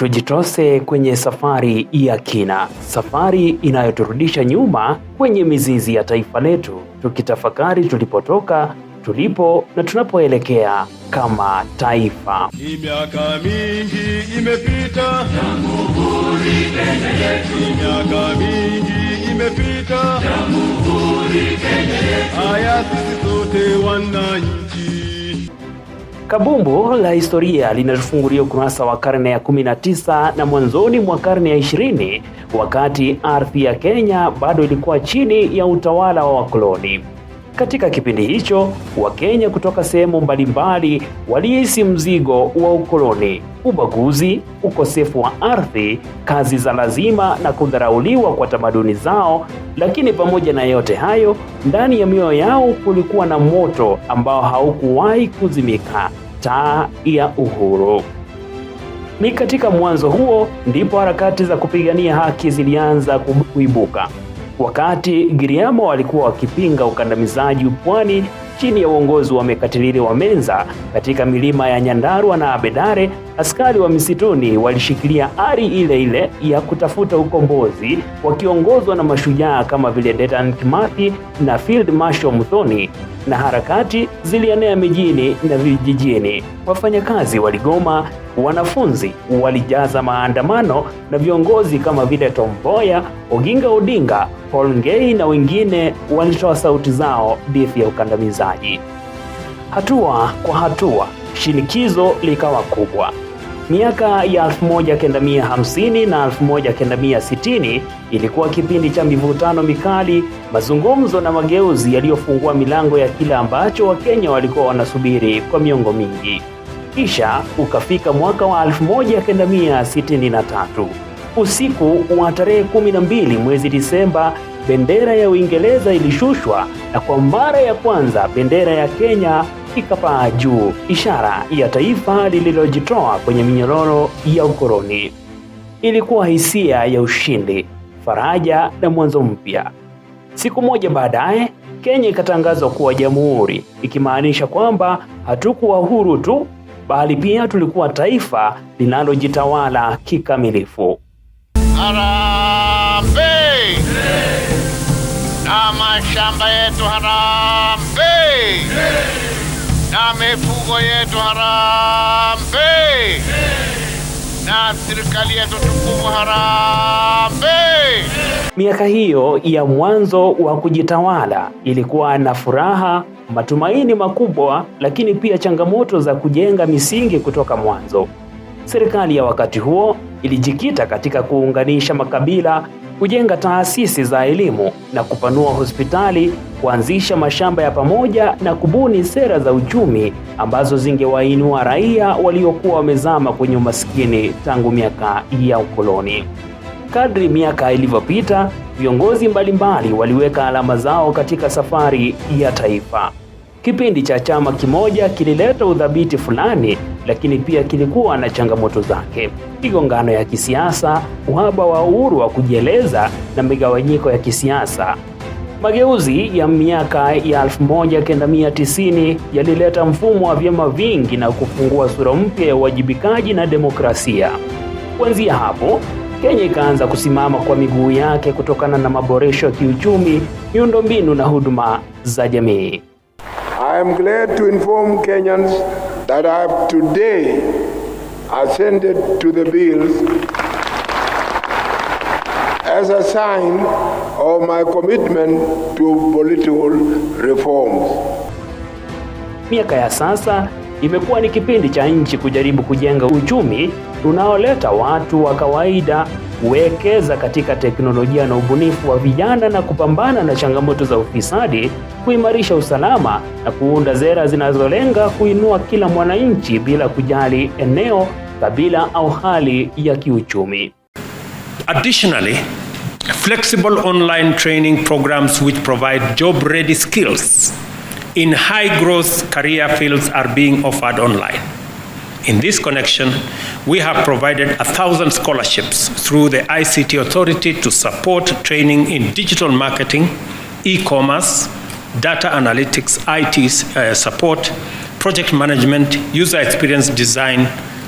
Tujitose kwenye safari ya kina, safari inayoturudisha nyuma kwenye mizizi ya taifa letu, tukitafakari tulipotoka, tulipo na tunapoelekea kama taifa. Miaka mingi imepita Jamhuri Kenya yetu, miaka mingi imepita yetu. Haya, sisi sote wananchi Kabumbu la historia linatufungulia ukurasa wa karne ya 19 na mwanzoni mwa karne ya 20, wakati ardhi ya Kenya bado ilikuwa chini ya utawala wa wakoloni. Katika kipindi hicho, Wakenya kutoka sehemu mbalimbali walihisi mzigo wa ukoloni, ubaguzi, ukosefu wa ardhi, kazi za lazima na kudharauliwa kwa tamaduni zao. Lakini pamoja na yote hayo, ndani ya mioyo yao kulikuwa na moto ambao haukuwahi kuzimika, taa ya uhuru. Ni katika mwanzo huo ndipo harakati za kupigania haki zilianza kuibuka. Wakati Giriama walikuwa wakipinga ukandamizaji pwani chini ya uongozi wa Mekatilili wa Menza katika milima ya Nyandarua na Abedare Askari wa misituni walishikilia ari ile ile ya kutafuta ukombozi wakiongozwa na mashujaa kama vile Dedan Kimathi na Field Marshal Muthoni, na harakati zilienea mijini na vijijini. Wafanyakazi waligoma, wanafunzi walijaza maandamano na viongozi kama vile Tom Mboya, Oginga Odinga, Paul Ngei na wengine walitoa sauti zao dhidi ya ukandamizaji. Hatua kwa hatua, shinikizo likawa kubwa. Miaka ya 1950 na 1960 ilikuwa kipindi cha mivutano mikali, mazungumzo na mageuzi yaliyofungua milango ya kila ambacho Wakenya walikuwa wanasubiri kwa miongo mingi. Kisha ukafika mwaka wa 1963. Usiku wa tarehe 12 mwezi Disemba, bendera ya Uingereza ilishushwa na kwa mara ya kwanza bendera ya Kenya ikapaa juu, ishara ya taifa lililojitoa kwenye minyororo ya ukoloni. Ilikuwa hisia ya ushindi, faraja na mwanzo mpya. Siku moja baadaye, Kenya ikatangazwa kuwa jamhuri, ikimaanisha kwamba hatukuwa huru tu, bali pia tulikuwa taifa linalojitawala kikamilifu. Harambe na mashamba yetu, harambee! mifugo yetu harambe na serikali yetu tukufu harambe. Miaka hiyo ya mwanzo wa kujitawala ilikuwa na furaha, matumaini makubwa, lakini pia changamoto za kujenga misingi kutoka mwanzo. Serikali ya wakati huo ilijikita katika kuunganisha makabila kujenga taasisi za elimu na kupanua hospitali, kuanzisha mashamba ya pamoja na kubuni sera za uchumi ambazo zingewainua raia waliokuwa wamezama kwenye umaskini tangu miaka ya ukoloni. Kadri miaka ilivyopita, viongozi mbalimbali waliweka alama zao katika safari ya taifa. Kipindi cha chama kimoja kilileta udhabiti fulani, lakini pia kilikuwa na changamoto zake: migongano ya kisiasa, uhaba wa uhuru wa kujieleza na migawanyiko ya kisiasa. Mageuzi ya miaka ya 1990 yalileta mfumo wa vyama vingi na kufungua sura mpya ya uwajibikaji na demokrasia. Kuanzia hapo, Kenya ikaanza kusimama kwa miguu yake kutokana na maboresho ya kiuchumi, miundombinu na huduma za jamii am glad to inform Kenyans that I have today assented to the bills as a sign of my commitment to political reforms. Miaka ya sasa imekuwa ni kipindi cha nchi kujaribu kujenga uchumi unaoleta watu wa kawaida kuwekeza katika teknolojia na ubunifu wa vijana na kupambana na changamoto za ufisadi, kuimarisha usalama na kuunda sera zinazolenga kuinua kila mwananchi bila kujali eneo, kabila au hali ya kiuchumi. Additionally, flexible online training programs which provide job ready skills in high growth career fields are being offered online. In this connection, we have provided a thousand scholarships through the ICT Authority to support training in digital marketing, e-commerce, data analytics, IT uh, support, project management, user experience design,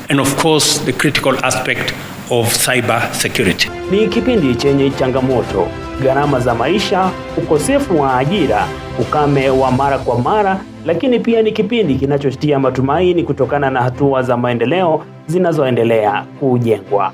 and of course, the critical aspect of cyber security. Ni kipindi chenye changamoto gharama za maisha, ukosefu wa ajira, ukame wa mara kwa mara, lakini pia ni kipindi kinachotia matumaini kutokana na hatua za maendeleo zinazoendelea kujengwa.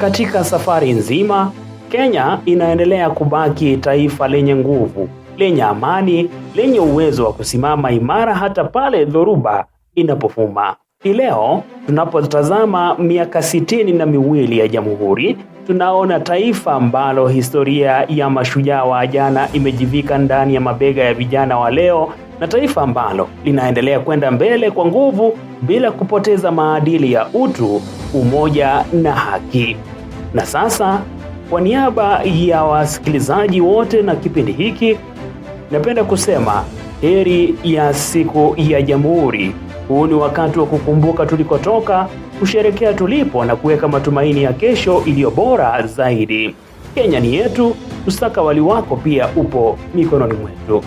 Katika safari nzima, Kenya inaendelea kubaki taifa lenye nguvu, lenye amani, lenye uwezo wa kusimama imara hata pale dhoruba inapofuma. Hii leo tunapotazama miaka sitini na miwili ya Jamhuri, tunaona taifa ambalo historia ya mashujaa wa jana imejivika ndani ya mabega ya vijana wa leo, na taifa ambalo linaendelea kwenda mbele kwa nguvu bila kupoteza maadili ya utu, umoja na haki. Na sasa kwa niaba ya wasikilizaji wote na kipindi hiki, napenda kusema heri ya siku ya Jamhuri. Huu ni wakati wa kukumbuka tulikotoka, kusherekea tulipo na kuweka matumaini ya kesho iliyo bora zaidi. Kenya ni yetu, wali wako pia upo mikononi mwetu.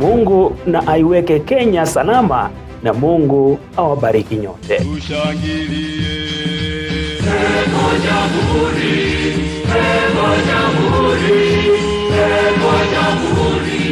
Mungu na aiweke Kenya salama na Mungu awabariki nyote. Tushangilie Jamhuri, Jamhuri, Jamhuri.